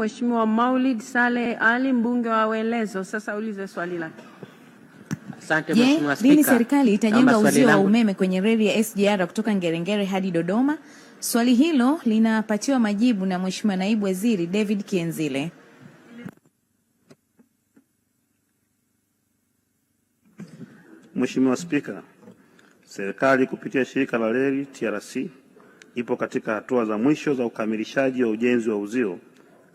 Mheshimiwa Maulid Saleh Ali mbunge wa Welezo, sasa ulize swali lako. Asante Mheshimiwa Spika. Lini serikali itajenga uzio wa umeme kwenye reli ya SGR kutoka Ngerengere hadi Dodoma? Swali hilo linapatiwa majibu na Mheshimiwa Naibu Waziri David Kienzile. Mheshimiwa Spika, serikali kupitia shirika la reli TRC ipo katika hatua za mwisho za ukamilishaji wa ujenzi wa uzio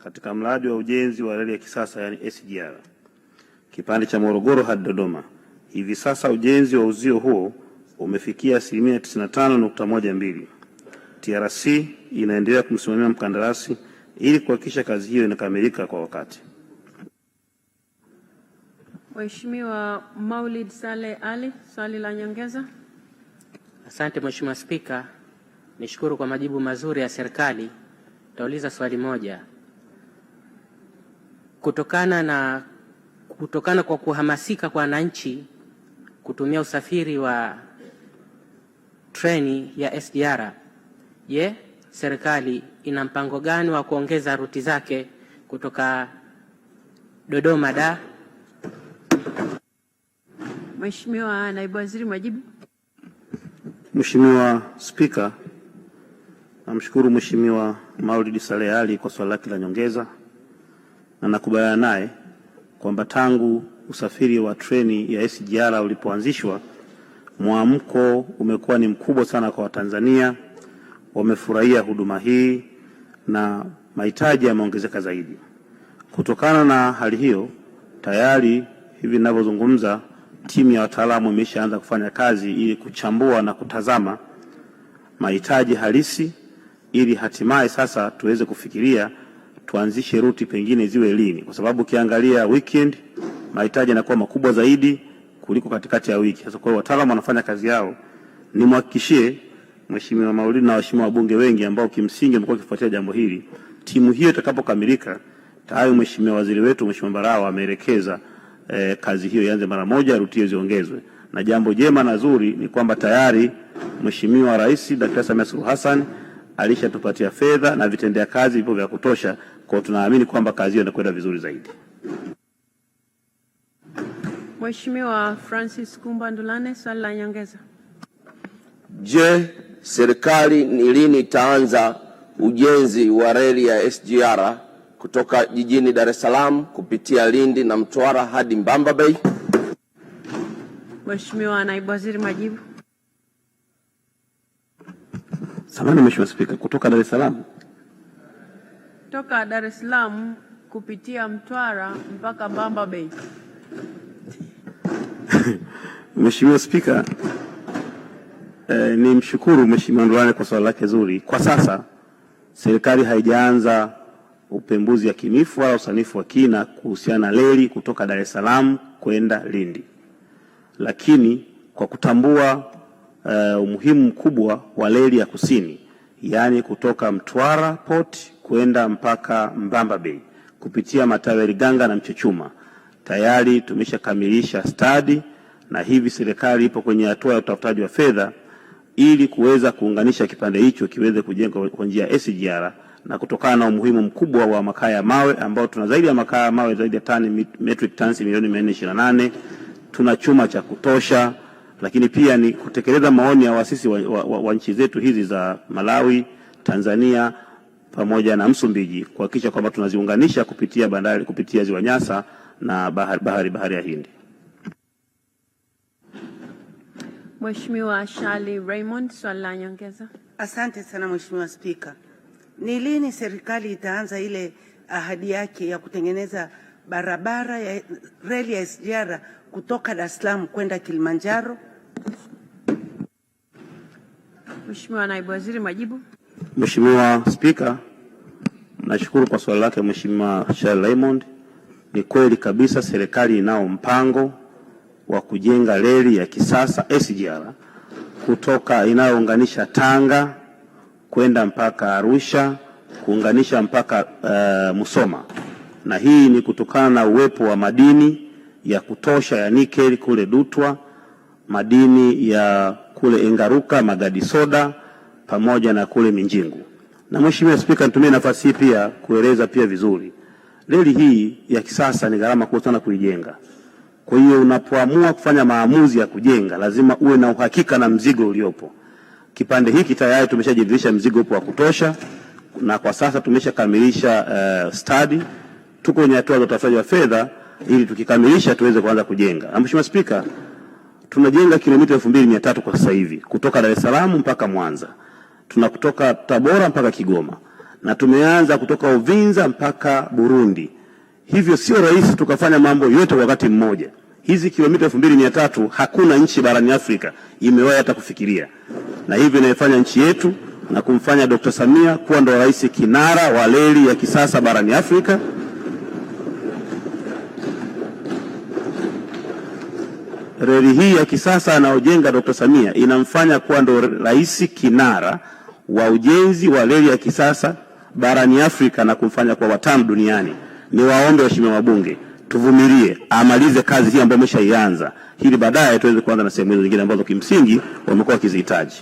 katika mradi wa ujenzi wa reli ya kisasa yani SGR kipande cha Morogoro hadi Dodoma. Hivi sasa ujenzi wa uzio huo umefikia asilimia 95.12. TRC inaendelea kumsimamia mkandarasi ili kuhakikisha kazi hiyo inakamilika kwa wakati. Mheshimiwa Maulid Saleh Ali, swali la nyongeza. Asante Mheshimiwa Spika, nishukuru kwa majibu mazuri ya serikali. Tauliza swali moja kutokana na kutokana kwa kuhamasika kwa wananchi kutumia usafiri wa treni ya SGR. Je, serikali ina mpango gani wa kuongeza ruti zake kutoka Dodoma da? Mheshimiwa Naibu Waziri, majibu. Mheshimiwa Spika, namshukuru Mheshimiwa Maulid Saleh Ali kwa swali lake la nyongeza na nakubaliana naye kwamba tangu usafiri wa treni ya SGR ulipoanzishwa mwamko umekuwa ni mkubwa sana kwa Watanzania, wamefurahia huduma hii na mahitaji yameongezeka zaidi. Kutokana na hali hiyo, tayari hivi ninavyozungumza, timu ya wataalamu imeshaanza kufanya kazi ili kuchambua na kutazama mahitaji halisi ili hatimaye sasa tuweze kufikiria tuanzishe ruti pengine ziwe lini, kwa sababu ukiangalia weekend mahitaji yanakuwa makubwa zaidi kuliko katikati ya wiki. Sasa kwa hiyo wataalamu wanafanya kazi yao, nimhakikishie Mheshimiwa Maulidi na waheshimiwa wabunge wengi ambao kimsingi wamekuwa wakifuatia jambo hili, timu hiyo itakapokamilika tayari Mheshimiwa waziri wetu Mheshimiwa Mbarawa ameelekeza eh, kazi hiyo ianze mara moja, ruti hiyo ziongezwe. Na jambo jema na zuri ni kwamba tayari Mheshimiwa Rais Daktari Samia Suluhu Hassan alishatupatia fedha na vitendea kazi vipo vya kutosha, kwa tunaamini kwamba kazi hiyo inakwenda vizuri zaidi. Mheshimiwa Francis Kumba Ndulane, swali la nyongeza. Je, serikali ni lini itaanza ujenzi wa reli ya SGR kutoka jijini Dar es Salaam kupitia Lindi na Mtwara hadi Mbamba Bay? Mheshimiwa Naibu Waziri, majibu. Samahani Mheshimiwa Spika, kutoka Dar es Salaam, kutoka Dar es Salaam kupitia Mtwara mpaka Bamba Bay. Mheshimiwa Spika, eh, ni mshukuru Mheshimiwa Nduane kwa swali lake zuri. Kwa sasa serikali haijaanza upembuzi yakinifu wala usanifu wa kina kuhusiana na reli kutoka Dar es Salaam kwenda Lindi, lakini kwa kutambua uh, umuhimu mkubwa wa reli ya kusini, yaani kutoka Mtwara Port kwenda mpaka Mbamba Bay kupitia matawi ya Liganga na Mchuchuma. Tayari tumeshakamilisha stadi na hivi serikali ipo kwenye hatua ya utafutaji wa fedha ili kuweza kuunganisha kipande hicho kiweze kujengwa kwa njia ya SGR na kutokana na umuhimu mkubwa wa makaa ya mawe ambao tuna zaidi ya makaa ya mawe zaidi ya tani metric tons milioni 428, tuna chuma cha kutosha, lakini pia ni kutekeleza maoni ya waasisi wa, wa, wa, wa nchi zetu hizi za Malawi, Tanzania pamoja na Msumbiji kuhakikisha kwamba tunaziunganisha kupitia bandari, kupitia ziwa Nyasa na bahari, bahari, bahari ya Hindi. Mheshimiwa Shali Raymond, swali la nyongeza. Asante sana Mheshimiwa Spika. Ni lini serikali itaanza ile ahadi yake ya kutengeneza barabara ya reli ya SGR kutoka Dar es Salaam kwenda Kilimanjaro? Mheshimiwa Naibu Waziri, majibu. Mheshimiwa Spika, nashukuru kwa swali lake Mheshimiwa Shari Raymond. Ni kweli kabisa serikali inao mpango wa kujenga reli ya kisasa SGR kutoka inayounganisha Tanga kwenda mpaka Arusha kuunganisha mpaka uh, Musoma, na hii ni kutokana na uwepo wa madini ya kutosha ya nikeli kule Dutwa madini ya kule Engaruka, Magadi Soda pamoja na kule Minjingu. Na Mheshimiwa Spika, nitumie nafasi hii pia kueleza pia vizuri, reli hii ya kisasa ni gharama kubwa sana kuijenga. Kwa hiyo unapoamua kufanya maamuzi ya kujenga, lazima uwe na uhakika na mzigo uliopo. Kipande hiki tayari tumeshajiridhisha mzigo upo wa kutosha, na kwa sasa tumeshakamilisha uh, eh, study, Tuko kwenye hatua za utafutaji wa fedha ili tukikamilisha tuweze kuanza kujenga. Na Mheshimiwa Spika tunajenga kilomita elfu tatu kwa sasa hivi kutoka Dar es Salaam mpaka Mwanza, tuna kutoka Tabora mpaka Kigoma na tumeanza kutoka Uvinza mpaka Burundi. Hivyo sio rahisi tukafanya mambo yote wakati mmoja. Hizi kilomita elfu tatu hakuna nchi barani Afrika imewahi hata kufikiria, na hivyo inaifanya nchi yetu na kumfanya Dr. Samia kuwa ndo rais kinara wa reli ya kisasa barani Afrika. reli hii ya kisasa anayojenga Dr. Samia inamfanya kuwa ndo rais kinara wa ujenzi wa reli ya kisasa barani Afrika na kumfanya kuwa watamu duniani. Niwaombe waheshimiwa wabunge tuvumilie, amalize kazi hii ambayo ameshaianza, ili baadaye tuweze kuanza na sehemu hizo nyingine ambazo kimsingi wamekuwa wakizihitaji.